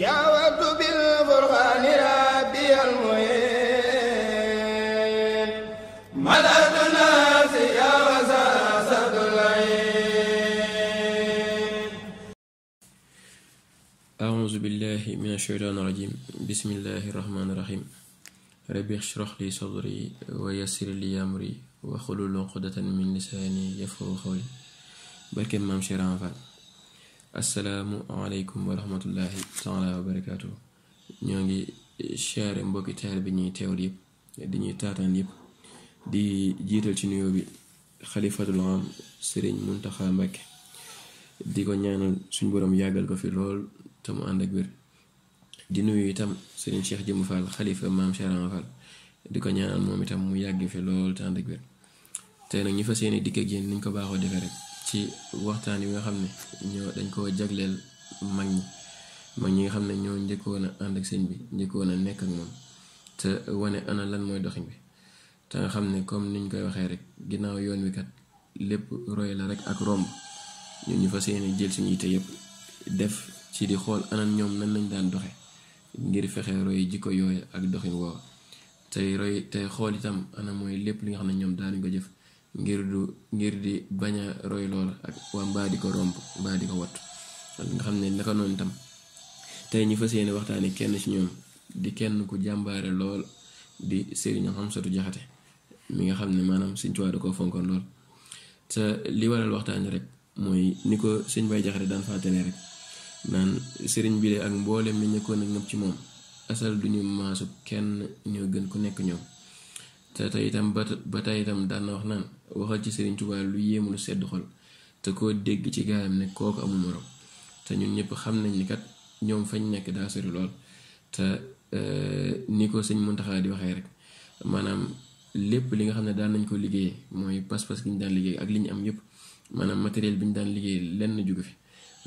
يا جاوبت بالبرهان ربي المعين مدد يا وساسد العين أعوذ بالله من الشيطان الرجيم بسم الله الرحمن الرحيم ربي اشرح لي صدري ويسر لي أمري وخلو عقدة من لساني يفقه قولي بركة مام شيران فال asalaamualeykum wa rahmatullahi taala wa barakaatu ñoo ngi chaare mbokki taal bi ñuy teewlu yëpp di ñuy taataan yëpp di jiital ci nuyoo bi xalifatul am sëriñ Muntaxa Mbàkke di ko ñaanal suñ borom yàggal ko fi lool te mu ànd ak wér di nuyu itam sëriñ Cheikh Jëmb Fall xalifa maam Cheikh Fall di ko ñaanal moom itam mu yàgg fi lool te ànd ak wér tey nag ñu fas yéene dikk ak niñ ko baaxoo defee rek ci waxtaan yi nga xam ne ñoo dañ koo jagleel mag ñi mag ñi nga xam ne ñoo njëkkoon a ànd ak sëñ bi njëkkoon a nekk ak moom te wane ana lan mooy doxin bi te nga xam ne comme niñ koy waxee rek ginnaaw yoon wi kat lépp roy la rek ak romb ñu ñu fa yéene jël suñu yite yëpp def ci di xool anam ñoom lan lañ daan doxe ngir fexe roy jikko yooyu ak doxin woowa tey roy tey xool itam ana mooy lépp li nga xam ne ñoom daanuñ ko jëf ngir du ngir di bañ a roy loola ak waa mbaa di ko romb mbaa di ko wat nga xam ne naka noonu tam tey ñu fas yéene waxtaane kenn ci ñoom di kenn ku jàmbaare lool di Serigne Hamsatou Diakhaté mi nga xam ne maanaam Sëñ Tuubaa da koo fonkoon lool te li waral waxtaani rek mooy ni ko sëñ Baye Diakhaté daan fàttali rek naan sëriñ bi de ak mboolem mi nekkoon ak ñëpp ci moom asal ñu maasu kenn ñoo gën ku nekk ñoom te tey itam ba tey itam daan na wax naan waxal ci Serigne Touba lu yéemu lu sedd xol te koo dégg ci gaayam ne kooku amul morom te ñun ñëpp xam nañ ni kat ñoom fañ nekk daa sori lool te euh, ni ko sëñ Muntaxa di waxee rek maanaam lépp li nga xam ne daan nañ ko liggéey mooy pas-pas gi ñu daan liggéey ak li ñu am yëpp maanaam matériel bi ñu daan liggéey lenn jóge fi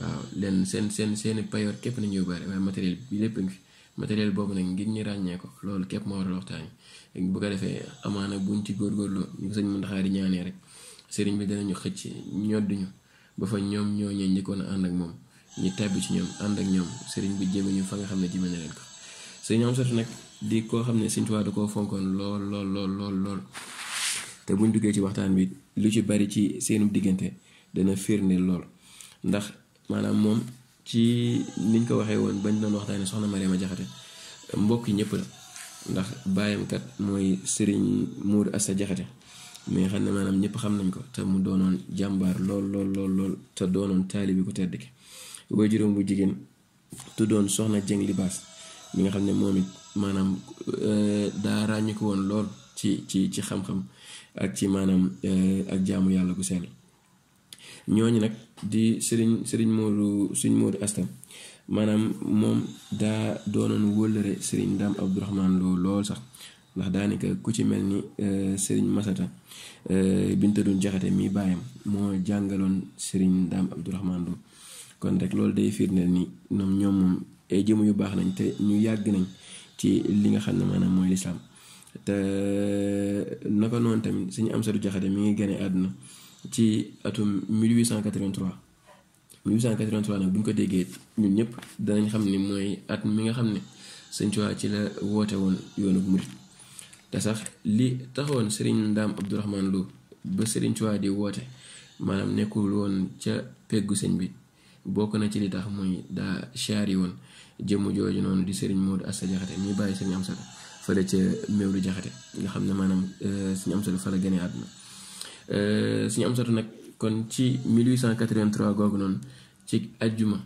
waaw lenn seen seen seeni payoor képp nañu yóbbaale waaye matériel bi lépp ngi fi matériel boobu nag ngir ñi ràññee ko loolu képp moo waral waxtaan yi bu ko defee amaana buñ ci góorgóorloo ñu ko sëñ Muntaxa di ñaanee rek sëriñ bi danañu xëcc ñodduñu ba ñoom ñooñee njëkkoon a ànd ak moom ñu tàbbi ci ñoom ànd ak ñoom sëriñ bi jéem ñu fa nga xam ne jëmee na leen ko sëriñ am sotti nag di koo xam ne sëñ Tuubaa da koo fonkoon lool lool lool lool te buñ duggee ci waxtaan bi lu ci bari ci seenu diggante dana firnde lool ndax maanaam moom ci niñ ko waxee woon bañ doon waxtaane soxna Mariama Jaxate mbokk yi ñëpp la ndax baayam kat mooy Serigne Mourou Assa Jaxate mais xam ne maanaam ñëpp xam nañ ko te mu doonoon jàmbaar lool lool lool lool te doonoon taalibi ku tedd ki waajuram bu jigéen tuddoon soxna Jeng Libaas mi nga xam ne moom it maanaam euh, daa ràññiku woon lool ci ci ci xam-xam ak ci maanaam euh, ak jaamu yàlla gu seen ñooñu nag di Serigne Serigne Modou Serigne Modou Asta maanaam moom daa doonoon wóllëre Serigne Dame Abdourahmane lool sax ndax daanaka ku ci mel ni euh, Serigne Masata euh, Binta doon Jaxate mi baayam moo jàngaloon Serigne Dame Abdourahmane Lo kon rek loolu day firndeel ni ñoom ñoom moom ay jëmm yu baax nañ te ñu yàgg nañ ci li nga xam ne maanaam mooy lislaam te naka noonu tamit suñu am satu jaxate mi ngi gane àdduna ci atum 1883 1883 nag bu buñ ko déggee ñun ñëpp danañ xam ni mooy at mi nga xam ne Sëñ Tuubaa ci la woote woon yoonu murit te sax li taxoon Serigne Ndaam Abdourahmane Lo ba Serigne Touba di woote maanaam nekkul woon ca peggu sëñ bi bokk na ci li tax mooy daa chaari woon jëmm jooju noonu di Serigne Modou Asta Jaxate mi bàyyi Serigne Amsatu fële ca Meewlu Jaxate nga xam ne maanaam euh, Serigne Amsatu fa la gënee àdduna Euh, suñu am satu nag kon ci 1883 googu noonu ci ajjuma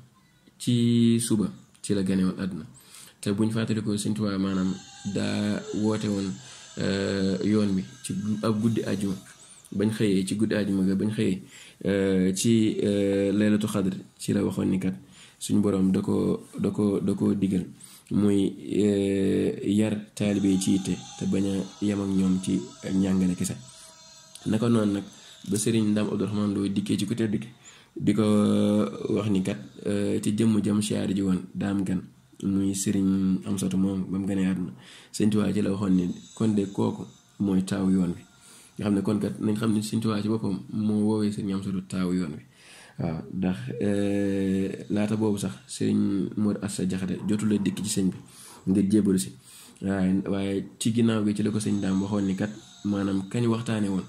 ci suba ci la gane àdduna te buñ fàttalikoo Sëñ Tuubaa maanaam daa woote woon euh, yoon bi ci ab guddi ajjuma bañ xëyee ci guddi ajjuma ga bañ xëyee euh, ci laylatu xadr ci la waxoon ni kat suñ boroom da ko da ko da ko digal muy yar taalibe yi ci yitte te bañ a ak ñoom ci njàngale kese naka noonu nag ba Serigne Ndam Abdourahmane Lo dikkee ci ku tedd ki di ko euh, wax ni kat euh, ci jëmm jëm siyaar ji woon daam gan muy Serigne moom ba mu gënee àdduna Sëñ ci la waxoon ni kon de kooku mooy taaw yoon wi nga xam ne kon nañ xam ne Sëñ ci boppam moo woowee Serigne Amsatu taaw yoon wi. waaw ndax euh, laata boobu sax sëriñ Mor Assa Jaxate jotul dikk ci sëñ bi ngir jébalu si waaye ci ginnaaw gi ci la ko sëñ daam waxoon ni kat maanaam kañ waxtaanee woon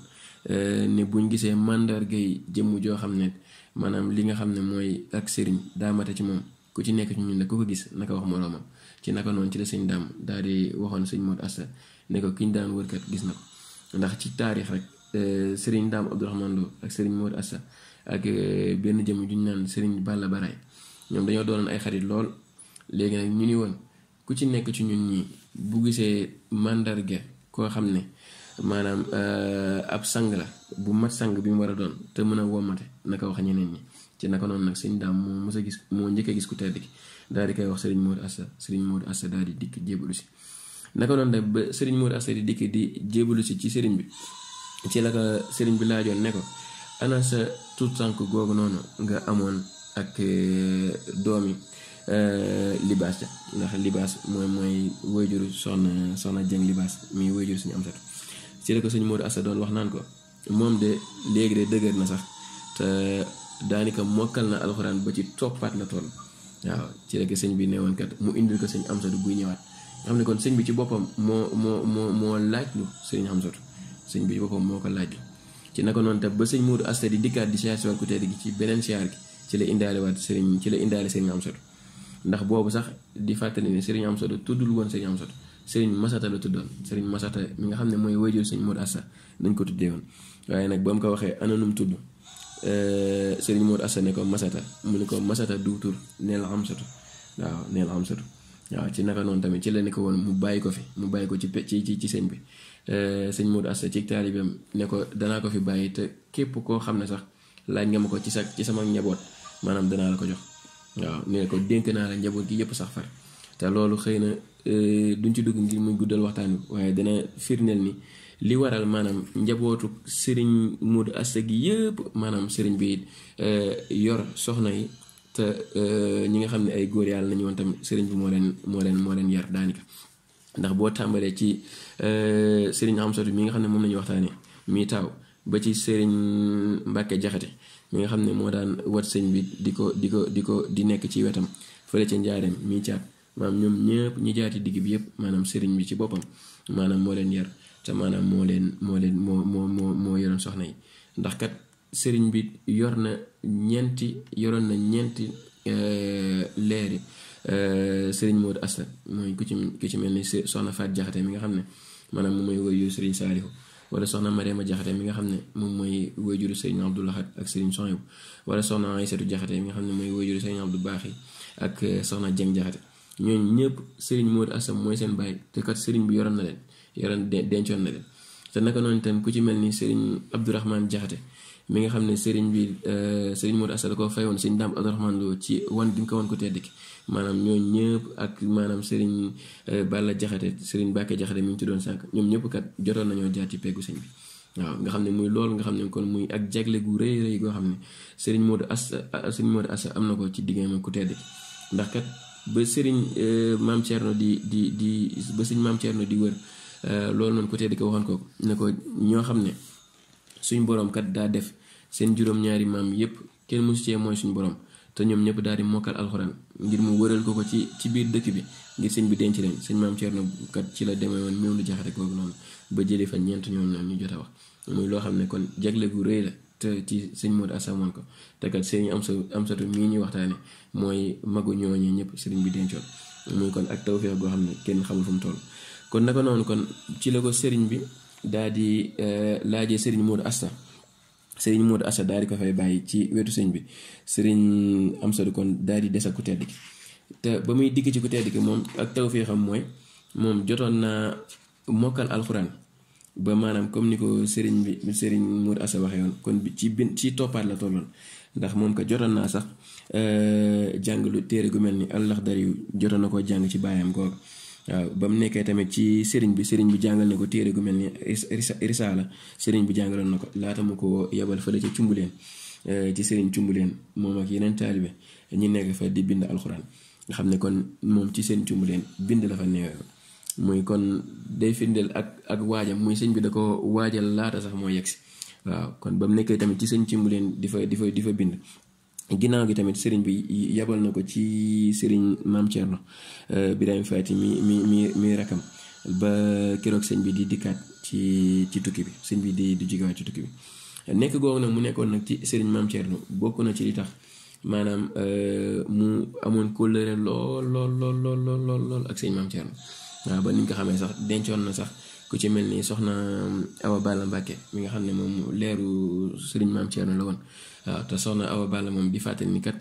Euh, ne buñ gisee màndarga yi jëmm joo xam ne maanaam li nga xam ne mooy ak sëriñ daamate ci moom ku ci nekk ci ñun ne ku ko gis naka wax moroomam ci naka noonu ci la sëñ daam daal di waxoon sëñ Modou Asta ne ko kiñ daan wërkat gis na ndax ci taarix rek euh, sëriñ daam Abdourahmane Lo ak sëriñ Asta ak euh, benn jëmm ju ñu naan sëriñ Balla Baraay ñoom dañoo doonoon ay xarit lool léegi ñu ni woon ku ci nekk ci ñun ñi bu gisee màndarga koo xam ne maanaam euh, ab sang la bu mat sang bi mu war a doon te mën a wommate naka wax ñeneen ñi ci naka noonu nag sëñ daam moo mës a gis moo njëkk a gis ku tedd ki daal di koy wax sëriñ moo Asta sëriñ Modou Asta daal di dikk jébalu si naka noonu ba sëriñ Modou Asta di dikk di jébalu si ci sëriñ bi ci la ko sëriñ bi laajoon ne ko ana sa tuut tànk googu noonu nga amoon ak euh, doom yi euh, libaas ja ndax libaas mooy mooy wayjuru soxna soxna jëng libaas mi wayjuru suñu am satu ci la ko sëñ Modou Assa doon wax naan ko moom de léegi de dëgër na sax te daanaka mokkal na alxuraan ba ci toppaat la toll waaw ci la ko sëñ bi newoon kat mu indil ko sëñ Amsatu buy ñëwaat nga xam ne kon sëñ bi ci boppam moo moo moo moo laaj lu sëñ Amsatu sëñ bi ci boppam moo ko laaj lu ci naka noonu tam ba sëñ Modou Asta di dikkaat di siyaar si waat gi ci beneen siyaar gi ci la indaale waat sëriñ ci la indaale sëriñ Amsatu ndax boobu sax di fàttali ne sëriñ Amsatu tuddul woon sëriñ Amsatu sëriñ Masata la tuddoon sëriñ Masata mi nga xam ne mooy wayjur sëñ Modou Assa dañ ko tuddee woon waaye nag ba mu ko waxee ana nu mu tudd euh, sëriñ Modou Assa ne ko Masata mu ne ko Masata du tur neel Amsatu waaw neel Amsatu waaw ci naka noonu tamit ci la ne ko woon mu bàyyi ko fi mu bàyyi ko ci ci ci sëñ bi euh, sëñ Modou Assa ci taalibeem ne ko danaa ko fi bàyyi te képp koo xam ne sax laaj nga ko ci sa ci sama njaboot maanaam danaa la ko jox waaw ne dénk naa la njaboot gi yëpp sax far. te loolu xëy na euh, duñ ci dugg ngir muy guddal waxtaan wi waaye dina firndeel ni li waral maanaam njabootu sëriñ Modou Asta gi yëpp maanaam sëriñ bi euh, yor soxna yi te euh, ñi nga xam ne ay góor yàlla nañu woon tamit sëriñ bi moo leen moo leen moo leen yar daanaka ndax boo tàmbalee ci sëriñ Amsatu mi nga xam ne moom lañuy waxtaane mi taaw ba ci sëriñ Mbàkke Jaxate mi nga xam ne moo daan wat sëñ bi di ko di ko di ko di nekk ci wetam fële ca njaareem mi caat maanaam ñoom ñëpp ñi jaati digg bi yëpp maanaam sëriñ bi ci boppam maanaam moo leen yar te maanaam moo leen moo leen moo moo moo moo yoroon soxna ndax kat sëriñ bi yor na ñeenti yoroon na ñeenti euh, leeri euh, sëriñ Modou Asta mooy ku ci ku ci mel ni soxna Faat Jaxate mi nga xam ne maanaam moom mooy woyu sëriñ Saalihu wala soxna Mariama Jaxate mi nga xam ne moom mooy woyjuru sëriñ Abdou Lahad ak sëriñ Soñebu wala soxna Aysatu Jaxate mi nga xam ne mooy woyjuru sëriñ Abdou Baaxi ak euh, soxna Jeng Jaxate ñooñu ñëpp sëriñ Modou Assam mooy seen bàyyi te kat sëriñ bi yoroon na leen yoroon dencoon na te naka noonu tam ku ci mel ni sëriñ Abdourahmane Jaxate mi nga xam ne sëriñ bi euh, sëriñ Modou Assam da koo fayoon sëriñ Dame Abdourahmane ci wan di ko wan ko tedd ki maanaam ñooñu ñëpp ak maanaam sëriñ euh, Balla Jaxate sëriñ Bakke Jaxate mi ñu tuddoon sànq ñoom ñëpp kat jotoon nañoo jaar ci peggu sëñ bi. waaw nga xam ne muy loolu nga xam ne kon muy ak jagle gu rëy rëy goo xam ne sëriñ Modou Assam sëriñ Modou Assam am na ko ci diggante ku tedd ki ndax kat ba sëriñ eh, maam Thierno di di di ba sëriñ maam Thierno di wër eh, loolu noonu côté di ko waxoon ko ne ko ñoo xam ne suñ borom kat daa def seen juróom-ñaari maam yépp kenn mësu cee mooy suñu borom te ñoom ñëpp daal di mokkal alxuraan ngir mu wëral ko ko ci ci biir dëkk bi ngir sëñ bi denc leen sëñ maam Thierno kat ci la demee woon meew lu jaxate kooku noonu ba jëlee fa ñeent ñooñu noonu ñu jot a wax muy loo xam ne kon jagle gu réy la. te ci sëñ Modou Assa moon ko te kat sëñ am sa am satu mii ñuy waxtaane mooy magu ñooñu ñëpp sëriñ bi dencoon muy kon ak tawféex goo xam ne kenn xamul fu mu toll kon naka noonu kon ci la ko bi daa di eh, laajee sëriñ Modou Assa sëriñ Modou Assa daal di ko bàyyi ci wetu sëñ bi sëriñ am satu kon daal di des ak ku te ba muy digg ci ku tedd ki moom ak tawféexam mooy moom jotoon naa mokkal alxuraan ba maanaam comme ni ko sëriñ bi sëriñ Mour Assa waxee woon kon ci bin ci toppaat la tolloon ndax moom ko jotoon naa sax euh, jàng lu téere gu mel ni Alaxdari yu jotoon na koo jàng ci baayam googu ba mu nekkee tamit ci sëriñ bi sëriñ bi jàngal na ko téere gu mel ni risaala sëriñ bi jàngaloon na ko laata mu ko yebal fële euh, ci cumbuleen ci sëriñ cumbuleen moom ak yeneen taalibe ñi nekk fa di bind alxuraan nga xam ne kon moom ci seen cumbuleen bind la fa neewee muy kon day firndeel ak ak waajam muy sëñ bi da ko waajal laata sax moo yegsi waaw kon ba mu nekkee tamit ci sëñ ci mu leen di fa di fa di fa bind ginnaaw gi tamit sëriñ bi yebal na ko ci sëriñ maam Thierno euh, Birahim Faty mi mi mi mi rakam ba keroog sëñ bi di dikkaat ci ci tukki bi sëñ bi di di jigaat ci tukki bi nekk googu nag mu nekkoon nag ci sëriñ maam Thierno bokk na ci li tax maanaam euh, mu amoon kóllëre lool lool lool lool lool lool ak sëñ maam Thierno waaw ba ni ñu ko xamee sax dencoon na sax ku ci mel ni soxna um, Awa Balla Mbacke mi nga xam ne moom leeru sëriñ maam Thierno la woon waaw te soxna Awa Balla moom di fàttali ni kat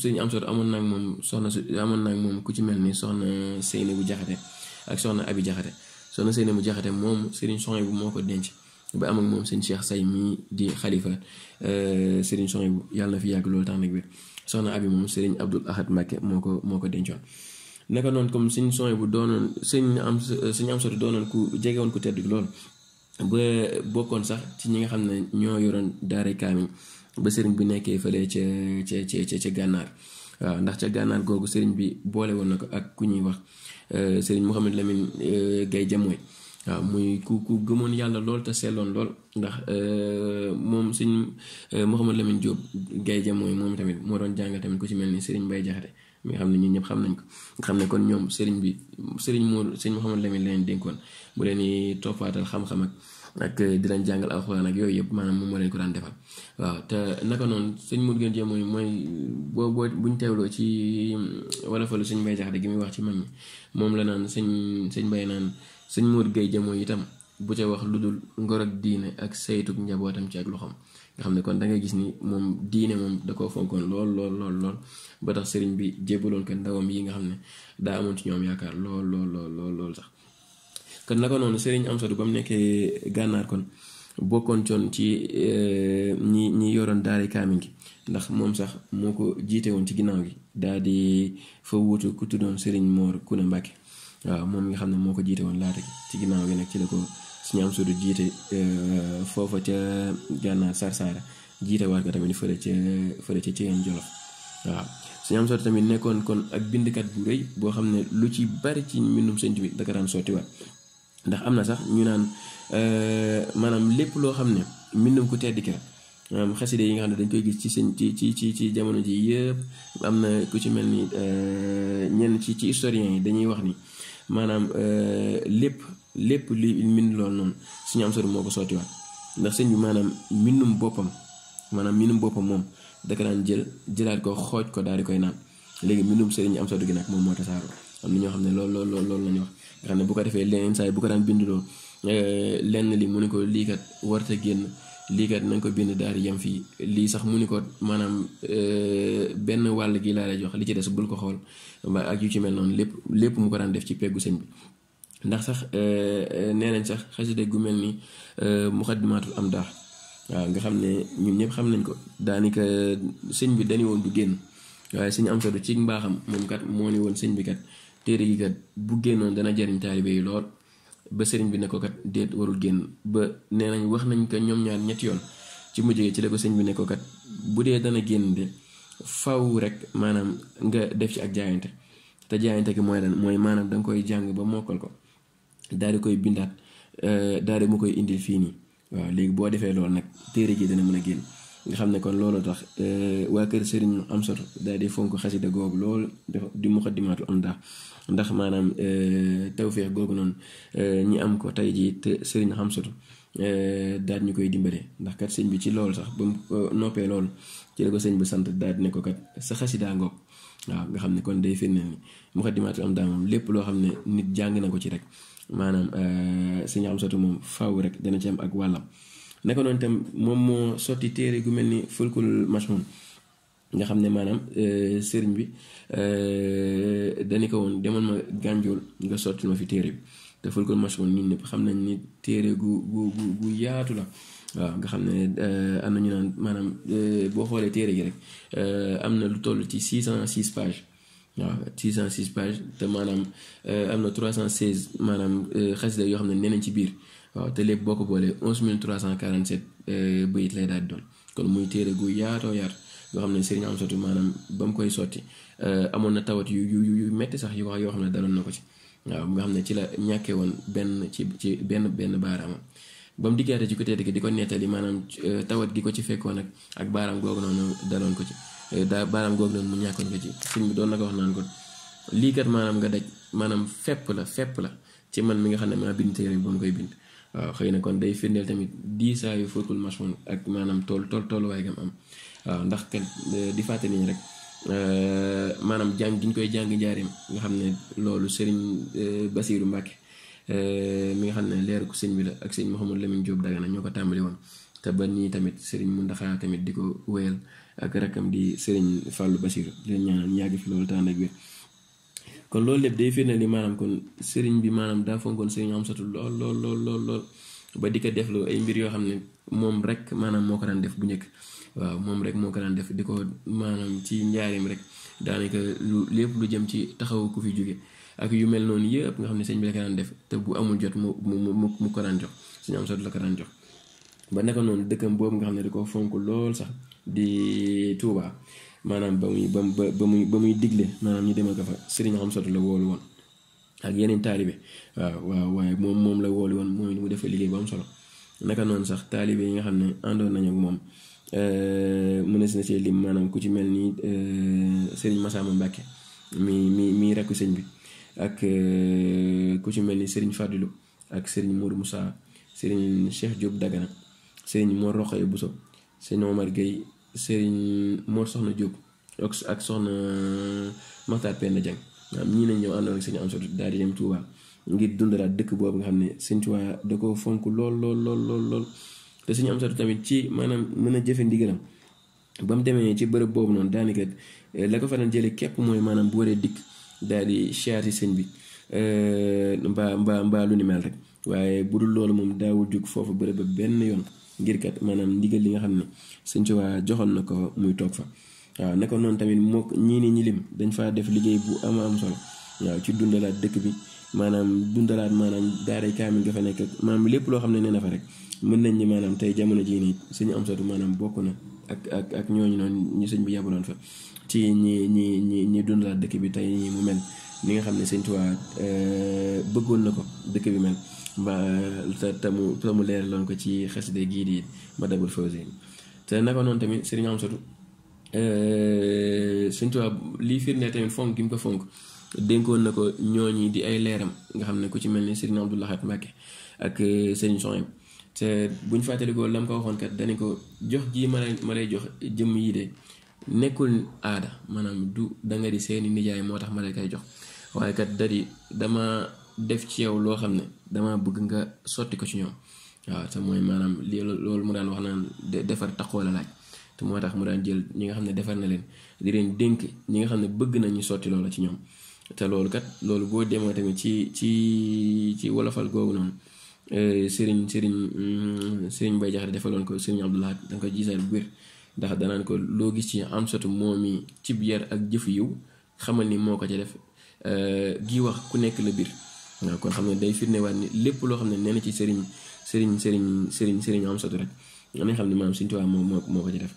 sëriñ am sot amoon naag moom soxna amoon naag moom ku ci mel ni soxna Seyni bu jaxate ak soxna Abi jaxate soxna Seyni bu jaxate moom sëriñ soxna moo ko denc ba moom sëñ Cheikh Say mii di xalifa euh, sëriñ soxna bu yàlla na fi loolu tax nag bi soxna Abi moom sëriñ Abdul Ahad Mbacke moo ko moo ko dencoon. naka noonu comme suñ son bu doonoon suñ am suñ am sotti doonoon ku jege woon ku tedd lool ba bokkoon sax ci ñi nga xam ne ñoo yoroon daare kaamil ba sëriñ bu nekkee fële ca ca ca ca gànnaar waaw ndax ca gànnaar googu sëriñ bi boole woon na ko ak ku ñuy wax euh, sëriñ Mouhamed Lamine euh, Gaye Jamooy waaw muy ku ku gëmoon yàlla lool te seetloon lool ndax euh, moom suñ Mouhamed Lamine Diop Gaye Jamooy moom tamit moo doon jàngal tamit ku ci mel ni sëriñ Mbaye Jaxate mi nga xam ne ñun ñëpp xam nañ ko nga xam ne kon ñoom sëriñ bi sëriñ Mour sëriñ Mouhamad Lamine leen dénkoon bu leen yi toppaatal xam-xam ak ak eh, dinañ jàngal alxuraan ak yooyu yëpp maanaam moom moo leen ko daan defal waaw te naka noon sëñ Mour Gën Jee mooy mooy boo boo buñ teewloo ci mm, wala falu sëñ Mbay gi muy wax ci mag moom la naan sëñ sëñ Mbay naan sëñ Mour Gën Jee mooy itam. bu ca wax lu dul ngor ak diine ak saytug njabootam ci ak loxoom nga xam ne kon da nga gis ni moom diine moom da koo fonkoon lool lool lool lool ba tax sëriñ bi jébbaloon ko ndawam yi nga xam ne daa amoon ci ñoom yaakaar lool lool lool lool sax kon naka noonu sëriñ Amsatu ba mu nekkee gànnaar kon bokkoon coon ci eh, ñi ñi yoroon daari kaamil gi ndax moom sax moo ko jiite woon ci ginnaaw gi daal di fa wuutu ku tuddoon sëriñ Moor Kuna Mbàkke waaw moom nga xam ne moo ko jiite woon laata ci ginnaaw gi nag ci la ko suñu am sudu jiite euh, foofa ca gànnaar sarsaara jiite waat ko tamit fële ca fële ca ceen jolof waaw suñu sotti tamit nekkoon kon ak bindkat bu rëy boo xam ne lu ci bari ci mbindum sëñ bi da ko daan sottiwaat ndax am na sax ñu naan euh, maanaam lépp loo xam ne mbindum ku tedd ki maanaam xaside yi nga xam ne dañ koy gis ci sëñ ci ci ci ci jamono ji yëpp am na ku ci mel ni euh, ñenn ci ci historiens yi dañuy wax nii maanaam euh, lépp lépp li min loolu noonu suñu am sori moo ko sottiwaat ndax sëñ bi maanaam mbindum boppam maanaam minum boppam moom daka daan jël jëlaat ko xooj ko daal di koy naan léegi minum sëriñ am sa gi nag moom moo tasaaroo am na ñoo xam ne lool loolu loolu loolu la ñuy wax nga xam ne bu ko defee leneen saa yi bu ko daan bindloo euh, lenn li mu ne ko lii kat warta génn lii kat nañ ko bind daal di yem fii lii sax mu ni ko maanaam euh, benn wàll gi laa lay jox li ci des bul ko xool mbaa ak yu ci mel noonu lépp lépp mu ko daan def ci peggu sëñ bi. ndax sax euh, euh, nee nañ sax xasida gu mel ni muqaddimatul am daax waaw nga xam ne ñu ñëpp xam nañ ko daanaka sëñ bi dañu woon du génn waaye sëñ am solo ci mbaaxam moom kat moo ni woon sëñ bi kat téere gi kat bu génnoon dana jariñ taalibe yi lool. ba sëriñ bi ne ko kat déet warul génn ba nee nañ wax nañ ko ñoom ñaar ñetti yoon ci mujj gi ci la ko sëriñ bi ne ko kat bu dee dana génn de faw rek maanaam nga def ci ak jaayante te jaayante ki mooy lan mooy maanaam danga koy jàng ba mokkal ko daal di koy bindaat euh, daal di mu koy indi fii nii waaw léegi boo defee loolu nag téere ji dana mën a génn. nga xam ne kon loolu tax euh, waa kër sëriñ Amsatu daal di fonk xasida googu loolu di muqaddimaatu am ndax ndax maanaam euh, tawféex googu noonu euh, ñi am ko tey jii sëriñ Amsatu daal ñu koy dimbalee ndax kat sëñ bi ci loolu sax ba mu noppee loolu ci la ko sëñ bu sant daal di ne ko kat sa xasidaa ngoog waaw nga xam ne kon day firndeel ni muqaddimaatu am daa moom lépp loo xam ne nit jàng na ko ci rek maanaam sëñ Amsatu moom faaw rek dana ci am ak wàllam. naka noonu tam moom moo sotti téere gu mel ni fulkul machun nga xam ne maanaam euh, sëriñ bi euh, dañu ko woon demoon ma gànjool nga sotti ma fi téere bi te fulkul machun ni ñëpp xam nañ ni téere gu gu gu yaatu la waaw nga xam ne euh, am na ñu naan maanaam boo xoolee téere gi rek am na lu toll ci 606 page waaw 606 pages te maanaam euh, am na 316 maanaam euh, xasida yoo xam ne nee nañ ci biir waaw te lépp boo ko boolee 11 347 euh, bayit lay daal di doon kon muy téere gu yaatoo yaat yoo xam ne Serigne Amsatou maanaam ba mu koy sotti amoon na tawat yu yu yu metti sax yu wax yoo xam ne daloon na ko ci waaw nga xam ne ci la ñàkkee woon benn ci ci benn benn baaraamam ba mu diggaate ci côté di ko nettali maanaam tawat gi ko ci fekkoon ak ak baaraam googu noonu daloon ko ci. Eh, daa baaraam googu noonu mu ñàkkoon ko ci sëñ bi doon na ko wax naan ko lii maanaam nga daj maanaam fepp la fepp la ci man mi nga xam ne maa bind téere bi ba koy bind xëy na kon day firndeel tamit diisaa yu fóotul maçon ak maanaam tool tool tooluwaay gam am waaw ndax kat eh, di fàtte nii rek eh, maanaam jàng gi koy jàng njaareem nga xam ne loolu sëriñ Basiiru Mbàkke mi nga xam ne leeru ko sëñ bi la ak sëñ mu Mouhamadou Lamine Diop Dagana ñoo ko tàmbali woon te ba nii tamit sëriñ Muntaxa tamit di ko wéyal ak rakam di Serigne Fallou Bachir di ñaanal ñu yàgg fi loolu temps ak wér kon loolu lépp day firndeel ni maanaam kon Serigne bi maanaam daa fonkoon Serigne lool lool ba di ko defloo ay mbir yoo xam ne moom rek maanaam moo ko daan def bu njëkk waaw moom rek moo ko daan def di ko maanaam ci njaareem rek daanaka lu lépp lu jëm ci taxawu ku fi jóge ak yu mel noonu yëpp nga xam ne sëñ bi la def te bu amul jot mu mu mu ko daan jox Serigne Amsatou la ko jox ba nekkoon noonu dëkkam boobu nga xam ne di ko fonk lool sax. di Touba manam bamuy bamuy bamuy digle manam ñu demal ko fa Serigne Amsatu la wolu won ak yenen talibé wa wa mom mom la wolu won moy mu defee liggéey bu am solo naka non sax talibé yi nga xam ne àndoon nañu ak mu mënees na ci lim manam ku ci melni euh Serigne Massamba Mbacke mi mi mi rek sëñ bi ak ku ci melni Serigne Fadilou ak Serigne Mourou Moussa Serigne Cheikh Diop Dagana Serigne mo roxay buso Serigne Omar Gueye Serigne Mor Soxna Diop ak Soxna Makhtar Penda Dieng maanaam ñii nañ ñëw àndoon ak sëñ Amsatu daal di dem Touba ngir dundalaat dëkk boobu nga xam ne sëñ Touba da ko fonk lool lool lool lool lool te sëñ Amsatu tamit ci maanaam mën a jëfe ndigalam ba mu demee ci bërëb boobu noonu daanika eh, la ko fa daan jëlee képp mooy maanaam bu waree dikk daal di siyaar si sëñ bi eh, mbaa mbaa mbaa lu ni mel rek waaye bu dul loolu moom daawul jug foofu bërëb benn yoon. ngir kat maanaam ndigal li nga xam ne sëñ Tuubaa joxoon na ko muy toog fa waaw naka noonu tamit mook ñii ni ñi lim dañ faa def liggéey bu am am solo waaw ci dundalaat dëkk bi maanaam dundalaat maanaam daaray kaamil nga fa nekk maanaam lépp loo xam ne nee na rek mën nañ ni maanaam jamono jii nii suñu am maanaam bokk na ak ak ak ñooñu noonu ñu sëñ bi yabaloon fa ci ñi ñi ñi ñi dundalaat dëkk bi tey mu mel ni nga xam ne sëñ Tuubaa euh, bëggoon na ko dëkk bi mel ba te mu te leer loon ko ci xaside gii di Madabul Fawzeyni te naka noonu tamit sëriñ Amsatu eh, Sëriñ Tuubaa lii firnde tamit fonk gi mu ko fonk dénkoon na ko ñooñi di ay leeram nga xam ne ku ci mel ni sëriñ Abdou Lahad Mbacké ak eh, sëriñ Sohayb te buñ fàttalikoo lam ko waxoon kat dañu ko jox ji ma lay ma lay jox jëmm yi de nekkul aada maanaam du danga di seeni nijaay moo tax ma lay koy jox waaye kat dari dama def ci yow loo xam ne dama bëgg nga sotti ko ci ñoom waaw te mooy maanaam li loolu mu daan wax naan defar taxoo la laaj te moo tax mu daan jël ñi nga xam ne defar na leen di leen dénk ñi nga xam ne bëgg nañu sotti loola ci ñoom te loolu kat loolu boo demoo tamit ci ci ci wolofal googu noonu eh, sëriñ sëriñ mm, sëriñ Bay Jaxate defaloon ko sëriñ Abdoulaye da nga ko gisaat bu wér ndax danaan ko loo gis ci am sotu moom yi cib yar ak jëf yiw xamal ni moo ko ca def eh, gi wax ku nekk la biir waaw kon xam ne day firndewaat ni lépp loo xam ne nee na ci sëriñ sëriñ sëriñ sëriñ sëriñ Amsatu rek nañ xam ne maanaam Sëriñ Tuubaa moo moo moo ko ci def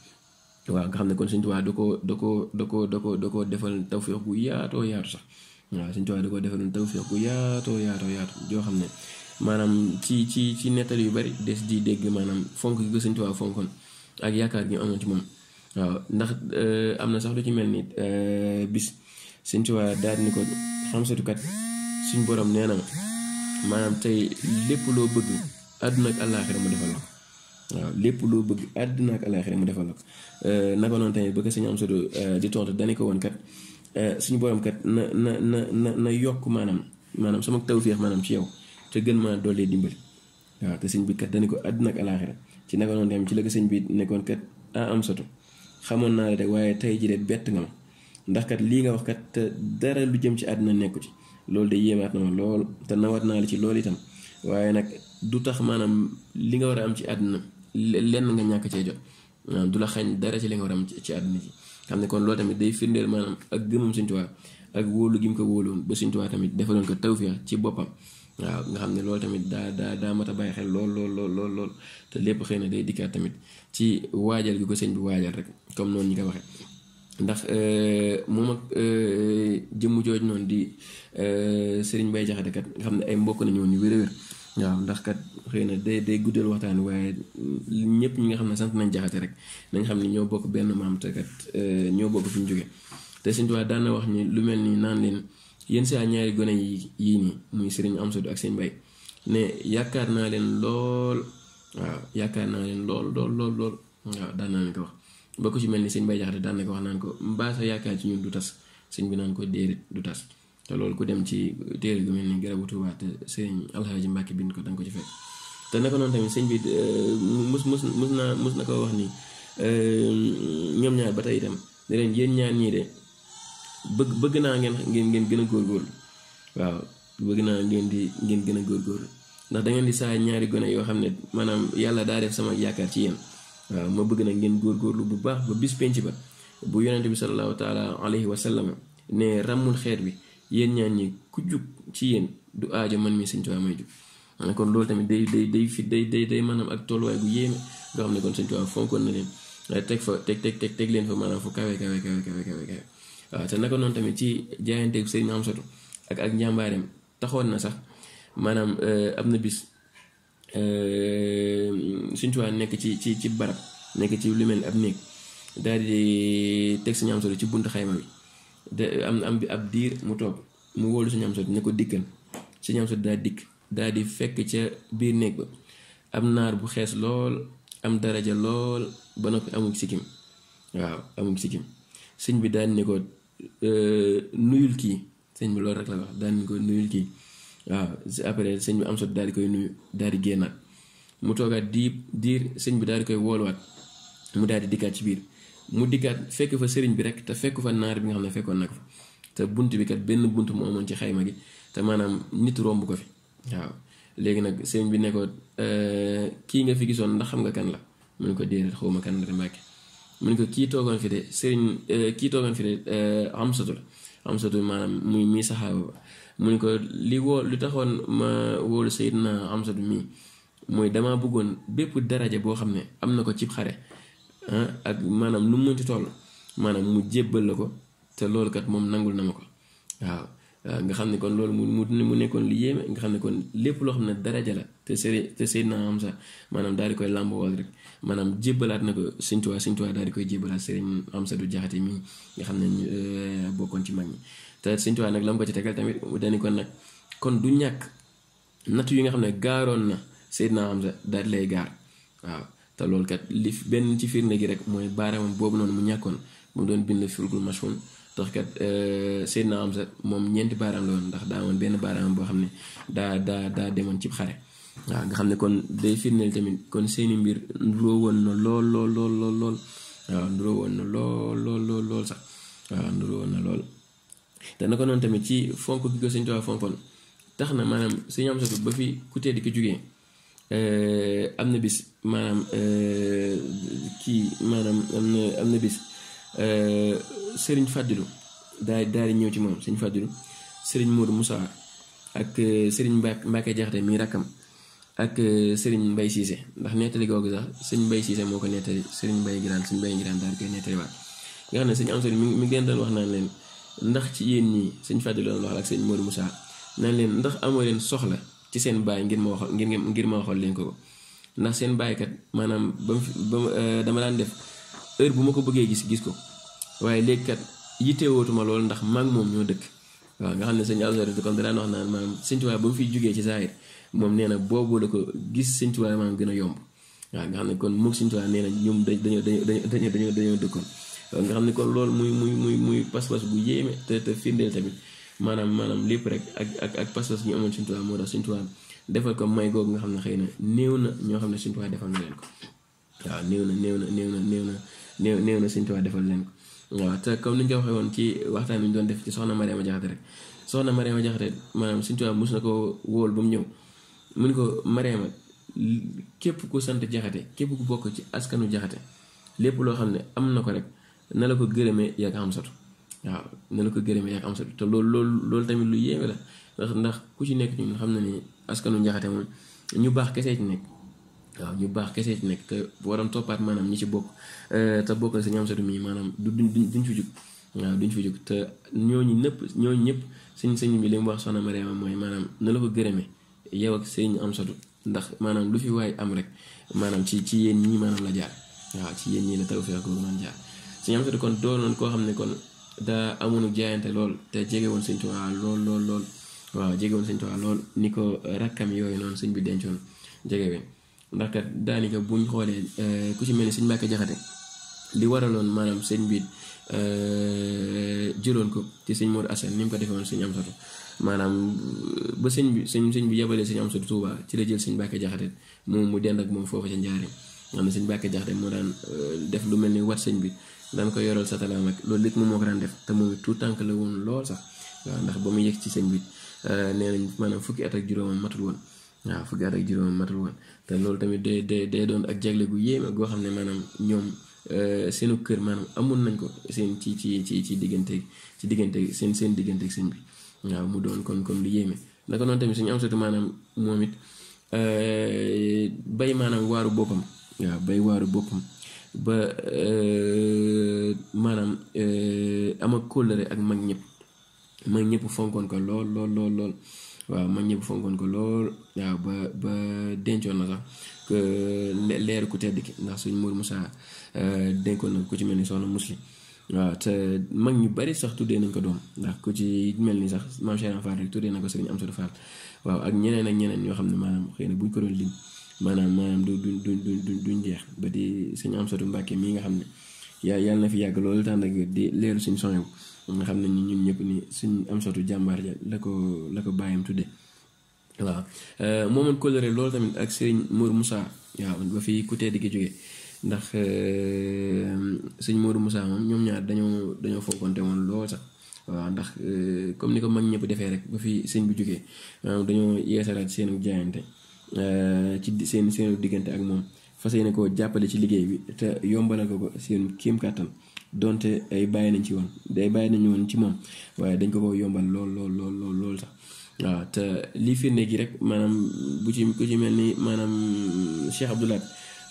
waaw nga xam ne kon Sëriñ Tuubaa da koo da koo da koo da koo da koo defal tawféex bu yaatoo yaatu sax waaw Sëriñ Tuubaa da koo defal tawféex bu yaatoo yaatoo yaatu joo xam ne maanaam ci ci ci nettal yu bari des di dégg maanaam fonk gi ko Sëriñ Tuubaa fonkoon ak yaakaar gi amoon ci moom waaw ndax euh, am na sax lu ci mel ni euh, bis Sëriñ Tuubaa daal ni ko Amsatu kat suñ borom nee na maanaam tey lépp loo bëgg àdduna ak àllaaxira mu defal la waaw lépp loo bëgg àdduna ak mu defal la euh, naka noonu tamit bëgg am solo di tontu dani ko woon kat euh, suñu borom kat na na na na na yokk maanaam maanaam sama tawféex maanaam ci yow te gën maa doolee dimbali waaw te sëñ bi kat dani ko àdduna ak àllaaxira ci naka noonu tamit ci la ko sëñ bi nekkoon kat a am soto xamoon naa la de waaye tey ji de bett nga ma ndax kat lii nga wax kat dara lu jëm ci àdduna nekku ci loolu de yéemaat na ma lool te nawaat naa la ci loolu itam waaye nag du tax maanaam li nga war a am ci àdduna lenn nga ñàkk cee jox maanaam du la xañ dara ci li nga war am ci àdduna ji xam ne kon loolu tamit day firndeel maanaam ak gëmam Sëñ Tuubaa ak wóolu gi mu ko wóoluwoon ba Sëñ Tuubaa tamit defaloon ko tew tawfeex ci boppam waaw nga xam ne loolu tamit daa daa daa mat a bàyyi xel lool lool lool lool te lépp xëy na day dikkaat tamit ci waajal gi ko sëñ bi waajal rek comme noonu ñu ko waxee ndax euh, moom ak euh, jëmm jooj noonu di euh, Serigne Baye Jaxate kat nga xam ne ay mbokk nañu woon ñu wér-wér waaw ndax kat xëy na day day guddal waxtaan waaye ñëpp ñi nga xam ne sant nañ jaxate rek nañ xam ne ñoo bokk benn maam te kat ñoo bokk fi ñu jóge te Sëñ Tuubaa daan wax ni lu mel nii naan leen yéen saa ñaari gone yi yii nii muy am Amsadu ak Sëñ Bay ne yaakaar naa leen lool waaw yaakaar naa leen lool lool waaw daan leen ko wax. ba ko ci mel ni sëñ Baye Jaxate daan na ko wax naan ko mbaa yaakaar ci ñun du tas sëñ bi naan ko déedéet du tas te loolu ku dem ci téere gu mel ni garabu Tuubaa te sëñ Alxaaji Mbàkke bind ko da ko ci fekk te naka noonu tamit sëñ bi euh, mus mus mus naa mus na koo wax ni euh, ñoom ñaar ba tey itam ne leen yéen ñaar ñii de bëgg bëgg naa ngeen ngeen ngeen gën a góorgóorlu waaw bëgg naa ngeen di ngeen gën a góorgóorlu ndax da ngeen di saa ñaari gone yoo xam ne maanaam yàlla daa def sama yaakaar ci yéen waaw ma bëgg nag ngeen góor góorlu bu baax ba bis penc ba bu yonente bi salallahu taala alayhi wa sallam ne ramul xeer bi yéen ñaan ñi ku jug ci yéen du aajo man mi sëñ Tuubaa may jug kon loolu tamit day day day fi day day day maanaam ak tolluwaay gu yéeme nga xam ne kon sëñ Tuubaa fonkoon na leen teg fa teg teg teg teg leen fa maanaam fu kawe kawe kawe kawe kawe kawe waaw te naka noonu tamit ci jaayanteeg sëriñ Amsatu ak ak njàmbaareem taxoon na sax maanaam euh, am na bis Euh, sëñ Tuubaa nekk ci ci ci barab nekk ci lu mel ab néeg daal di teg Sëñ Amsatu ci buntu xayma bi de am am bi ab diir mu toog mu wóolu Sëñ Amsatu ne ko dikkal Sëñ Amsatu daa dikk daal di fekk ca biir néeg ba am naar bu xees lool am daraja lool ba noppi amul sikkim waaw amul sikkim sëñ bi daan ne ko euh, nuyul kii sëñ bi loolu rek la wax daan ne ko nuyul kii waaw après sëñ bi am sot daal di koy nuyu daal di génnaat mu toogaat diib diir sëñ bi daal di koy wooluwaat mu daal di dikkaat ci biir mu dikkaat fekk fa sëriñ bi rek te fekk fa naar bi nga xam ne fekkoon nag fa te bunt bi kat benn bunt mu amoon ci xayma gi te maanaam nit romb ko fi waaw léegi nag sëriñ bi ne ko euh, kii nga fi gisoon ndax xam nga kan la mu ne ko déedéet xawma kan la Mbàkke mu ne ko kii toogoon fi de sëriñ euh, kii toogoon fi de euh, amsatu la amsatu maanaam muy muy saxaaba mu ne ko li woo li taxoon ma wóolu Seydina Amsatu mii mooy damaa bëggoon bépp daraja boo xam ne am na ko cib xare ah, ak maanaam lu mu mënti toll maanaam mu jébbal la ko te loolu kat moom nangul na ko waaw. nga xam ne kon loolu mu mu nekkoon li yéeme nga xam ne kon lépp loo xam ne daraja la te se te Seydina Amsa maanaam daal di koy làmboo rek maanaam jébbalaat na ko Sëñ Tuubaa Sëñ Tuubaa daal di koy jébbalaat Sëriñ Amsatu Jaxate mi nga xam ne euh, bokkoon ci mag ñi. te Sëñ nag la mu ko ci tegal tamit dañu ko nag kon du ñàkk nattu yi nga xam ne gaaroon na Seydina Hamza daal lay gaar waaw te loolu kat li benn ci firnde gi rek mooy baaramam boobu noonu mu ñàkkoon mu doon bind fulkul mashun tax kat euh, Seydina Hamza moom ñeenti baaraam la woon ndax daa woon benn baaraam boo xam ne daa daa daa demoon cib xare waaw nga xam ne kon day firndeel tamit kon seeni mbir nduroo woon na lool lool lool lool lool waaw nduroo lool na lool te na ko noonu tamit ci fonk gi ko sëñ Tuubaa fonkoon tax na maanaam sëñ ba fi ku tedd ki jógee eh, am na bis maanaam eh, kii maanaam am na am eh, sëriñ Fàddilu daal daal ñëw ci moom sëriñ Fàddilu sëriñ Moodu Musaa ak sëriñ Mbàkke Jaxate mi rakkam ak sëriñ Mbay Siise ndax nettali googu sax sëñ Mbay Siise moo ko nettali sëriñ Mbay Mbay Giraan daal koy nettaliwaat nga xam ne mi mi ngi wax naa leen ndax ci yéen ñii sëñ Fadil doon wax ak sëñ Modou Moussa nan leen ndax amoo leen soxla ci seen baay ngir ma waxal ngir ngir ma waxal leen ko ndax seen baaykat maanaam ba mu euh, dama daan def heure bu ma ko bëggee gis gis ko waaye léegi kat yittewootuma lool ndax maag moom ñoo dëkk waaw nga xam ne sëñ Abdou Latif comme daan wax naan maanaam sëñ Tuubaa ba mu fiy jugee ci saahir moom nee na boobu la ko gis sëñ Tuubaa maanaam gën a yomb waaw nga xam ne kon moog sëñ Tuubaa nee na ñoom dañoo dañ dañoo dañoo dañoo dëkkoon. nga xam ni kon loolu muy muy muy muy pas-pas bu yéeme te te firndeel tamit maanaam maanaam lépp rek ak ak ak pas-pas bu ñu amoon Sëñ Tuubaa moo tax Sëñ Tuubaa defal ko may googu nga xam ne xëy na néew na ñoo xam ne Sëñ Tuubaa defal na leen ko waaw néew na néew na néew na néew na néew néew na Sëñ Tuubaa defal leen ko waaw te comme ni ñu waxee woon ci waxtaan bi doon def ci soxna Mariama Jaxate rek soxna Mariama Jaxate maanaam Sëñ Tuubaa na ko wóol ba ñëw mun ko Mariama képp ku sant Jaxate képp ku bokk ci askanu Jaxate lépp loo xam ne am na ko rek na la ko gërëmee yàgg am satu waaw na ko gërëmee am satu te loolu loolu loolu tamit lu yéeme la ndax ku ci nekk ñun xam na ni askanu njaxate moom ñu baax kesee ci nekk waaw baax kesee ci nekk te waroon toppaat maanaam ñi ci bokk euh, te bokkal sañu am satu maanaam du duñ fi jug waaw duñ fi jug ñooñu ñëpp ñooñu ñëpp sëñ sëñ bi li mu wax soxna mooy maanaam na la ko gërëmee yow ak sëñ am satu ndax maanaam lu fi waay am rek maanaam ci ci yéen ñii maanaam la jaar waaw ci yéen ñii la taw fekk man jaar suñu am kon doonoon koo xam ne kon daa amoon jaayante lool te jege woon Sëñ Tuubaa lool lool lool waaw jege woon Sëñ Tuubaa lool ni ko rakkam yooyu noonu sëñ bi dencoon jege wi ndax kat daanaka buñ xoolee euh, ku ci mel ni sëñ Mbàkke Jaxate li waraloon maanaam sëñ bi euh, jëloon ko ci sëñ Modou Assane ni mu ko defee woon sëñ Amsatu maanaam euh, ba sëñ bi sëñ sëñ bi yabalee sëñ Amsatu Tuubaa ci la jël sëñ Mbàkke Jaxate moom mu dend ak moom foofu ca njaareem xam ne sëñ Mbàkke moo daan def lu mel ni wat sëñ bi daan ko yoral sa talaam ak loolu it moom moo ko daan def te moom tout tànk la woon lool sax waaw ndax ba mu yegg ci sëñ bi euh, nee nañ maanaam fukki at ak juróomam matul woon waaw fukki at ak juróomam matul woon te loolu tamit day day doon ak jagle gu yéeme goo xam ne maanaam ñoom euh, seenu kër maanaam amoon nañ ko seen ci ci ci ci digganteeg ci digganteeg seen seen digganteeg sëñ bi waaw mu doon kon kon lu yéeme naka noonu tamit suñu am satu maanaam moom it euh, bay maanaam waaru boppam waaw waaru boppam. ba euh, maanaam euh, am ak kóllëre ak mag ñëpp mag ñëpp fonkoon ko lool lool lool lool waaw mag ñëpp fonkoon ko lool waaw ba ba dencoon na sax leer ku tedd ki ndax suñ Mour Moussa euh, denkoon na ku ci mel ni soxna musi waaw te mag ñu bari sax tuddee nañ ko doom ndax ku ci mel ni sax maam Cheikh Fall rek tuddee na ko sëriñ Amsatou Fall waaw ak ñeneen ak ñeneen ñoo xam ne maanaam xëy na buñ ko doon lim maanaam maanaam du du du du duñ jeex ba di am Amsatu Mbàkke mii nga xam ne yaa yàlla na fi yàgg loolu tànn ak di leeru suñ soñew nga xam ne ñun ñëpp ni suñ Amsatu jàmbaar ja la ko la ko bàyyam tudde waaw euh, moomoon kóllëre loolu tamit ak sëñ Mour Moussa waaw ba fi ku tedd jóge ndax euh, sëñ Mour Moussa moom ñoom ñaar dañoo dañoo fonkonte woon lool sax waaw ndax euh, comme ni ko mag ñëpp defee rek ba fi sëñ bi jógee dañoo yeesalaat seenu jaayante Euh, ci seen seenu diggante ak moom fas yéene koo jàppale ci liggéey bi te yombale ko ko seen kiim kàttan donte ay bàyyi nañ ci woon day bàyyi nañu woon ci moom waaye dañ ko ko yombal lool lool lool lool lool sax waaw lii firnde gi rek maanaam bu ci ku ci mel ni maanaam Cheikh Abdou Lahad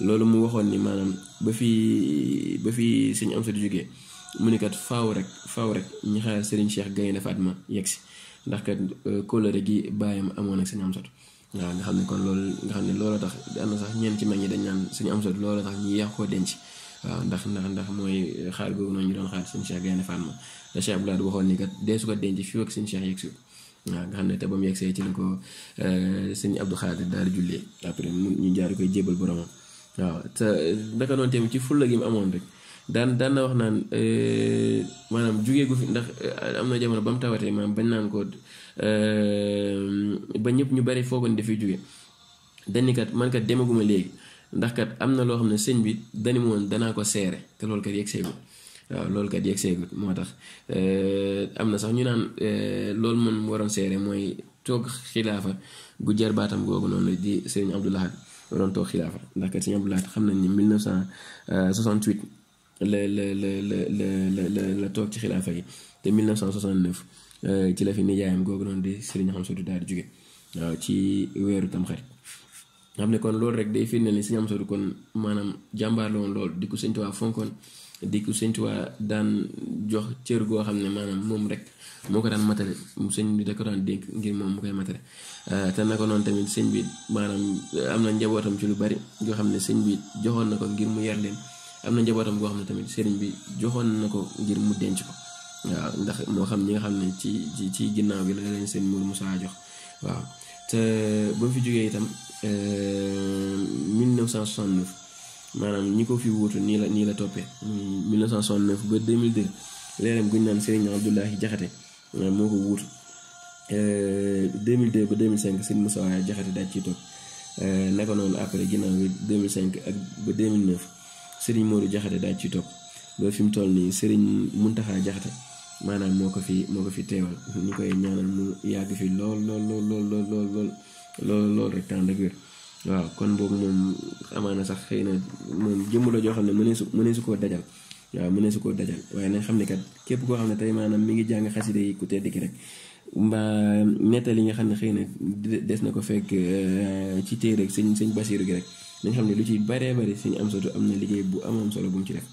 loolu mu waxoon ni maanaam ba fi ba fi sëñ Amsatu jógee mu ne kat faaw rek faaw rek ñi xaar Serigne Cheikh Gaynde Fatma yegg si ndax kat euh, kóllëre gi bàyyam amoon ak sëñ Amsatu waaw nga xam ne kon loolu nga xam ne looloo tax am na sax ñeen ci mag ñi dañ naan suñu am sot looloo tax ñu yàq koo denc waaw ndax ndax ndax mooy xaal googu noonu ñu doon xaar suñu Cheikh Gaynde Fatma te Cheikh Abdoulaye waxoon ni kat dee su ko denc fii ak suñu Cheikh yegsi waaw nga xam ne te ba mu yegsee ci la ko euh, sëñ Abdou Khadir daal di jullee après ñu jaar koy jébal boromam waaw te naka noonu tamit ci fulla gi mu amoon rek. daan daan na wax naan maanaam jugee gu fi ndax am na jamono ba mu tawatee maam bañ naan ko ba ñëpp ñu bari foogoon dafay jugee dañ kat man kat demaguma léegi ndax kat am na loo xam ne sëñ bi dani mu woon danaa ko seere te loolu kat yegg seegul waaw loolu kat yegg seegul moo tax am na sax ñu naan loolu man mu waroon seere mooy toog xilaafa gu jar baatam googu noonu di sëriñ Abdoulahat waroon toog xilaafa ndax kat sëriñ Abdoulahat xam nañ ni 1968 la la la la la la toog ci xilaafa yi te 1969 euh, ci la fi nijaayam googu noonu di Serigne Amsatou daal di jóge waaw ci weeru tamxarit nga xam ne kon loolu rek day firndeel ni Serigne Amsatou kon maanaam jàmbaar la woon loolu di ko Sëñ Tuubaa fonkoon di ko Sëñ Tuubaa daan jox cër goo xam ne maanaam moom rek moo ko daan matale sëñ bi da ko daan dénk ngir moom mu koy matale euh, te naka noonu tamit sëñ bi maanaam am na njabootam ci lu bari yoo xam ne sëñ bi joxoon na ko ngir mu yar am na njabootam boo xam ne tamit seriñ bi joxoon na ko ngir mu denc ko waaw ndax moo xam ñi nga xam ne ci ci ci ginnaaw bi la leen seen Mourou Moussa jox waaw te ba fi jógee itam 1969 euh, maanaam ñi ko fi wuutu nii la nii la toppee 1969 ba 2002 leeram guñ naan sëriñ Abdoulahi Jaxate euh, moo ko wuutu 2002 euh, ba 2005 sëriñ Moussa Jaxate daaj ciy toog naka noonu après ginnaaw bi 2005 ak ba 2009. Serigne Modou Jaxate daa ciy topp ba fi mu toll nii mun Muntaxa Jaxate maanaam moo ko fi moo ko fi teewal ñu koy ñaanal mu yàgg fi lool lool lool lool lool lool lool lool rek temps de waaw kon boobu moom amaana sax xëy na moom joo xam ne mëneesu mëneesu koo dajal waaw mëneesu koo dajal waaye nag xam ne kat képp koo xam ne tey maanaam mi ngi jàng xaside yi ku tedd ki rek mbaa nettali nga xam ne xëy na des na ko fekk euh, ci téere ak sëñ sëñ Basiiru gi rek nañ xam ne lu ci baree bari suñu am soto am liggéey bu amoon solo bu ci def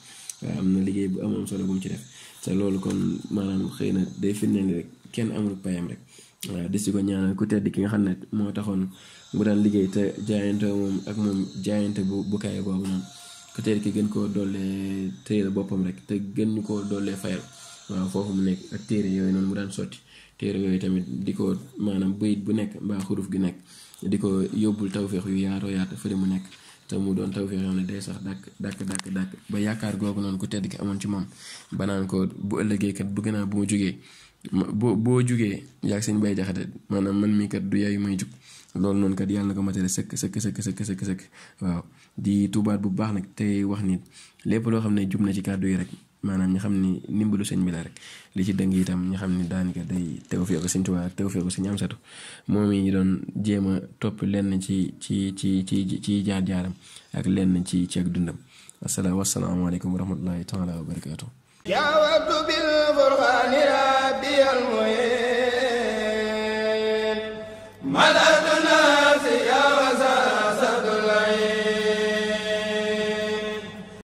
am na liggéey bu amoon solo bu ci def te loolu kon maanaam xëy na day firndeel rek kenn amul payam rek waaw des ko ñaanal ku tedd ki nga xam ne moo taxoon mu daan liggéey te jaayante moom ak jaayante bu bu kaay boobu ki gën koo doolee téyel boppam rek te gën ñu koo doolee fayal waaw foofu mu nekk ak téere yooyu noonu mu daan sotti téere yooyu tamit di ko maanaam bëyit bu nekk mbaa xuruf gi nekk di ko yóbbul tawféex yu yaatoo yaata fële mu nekk te mu doon tawféex yoo ne day sax dàkk dàkk dàkk dàkk ba yaakaar googu noonu ku tedd ki amoon ci moom ba naan ëllëgeekat bu gën a bëgg naa bu ma jógee boo boo jógee yaag seen bay jaxate maanaam man mii kat du yaay may jug loolu noonu kat yàlla na ko matale sëkk sëkk sëkk sëkk sëkk sëkk waaw di tubaat bu baax nag tey wax nit lépp loo xam ne jub na ci kàddu yi rek maanaam ñu xam ni ndimbalu sëñ bi rek li ci dëng itam ñu xam ni daanaka day teew fee ko sëñ Tuubaa ak teew fee ko sëñ Amsatu moom yi doon jéem a topp lenn ci ci ci ci ci jaar jaaram ak lenn ci ci ak dundam asalaam wasalaamaaleykum wa rahmatullahi taala wa barakaatu yaa bil furqaani rabbi al muhin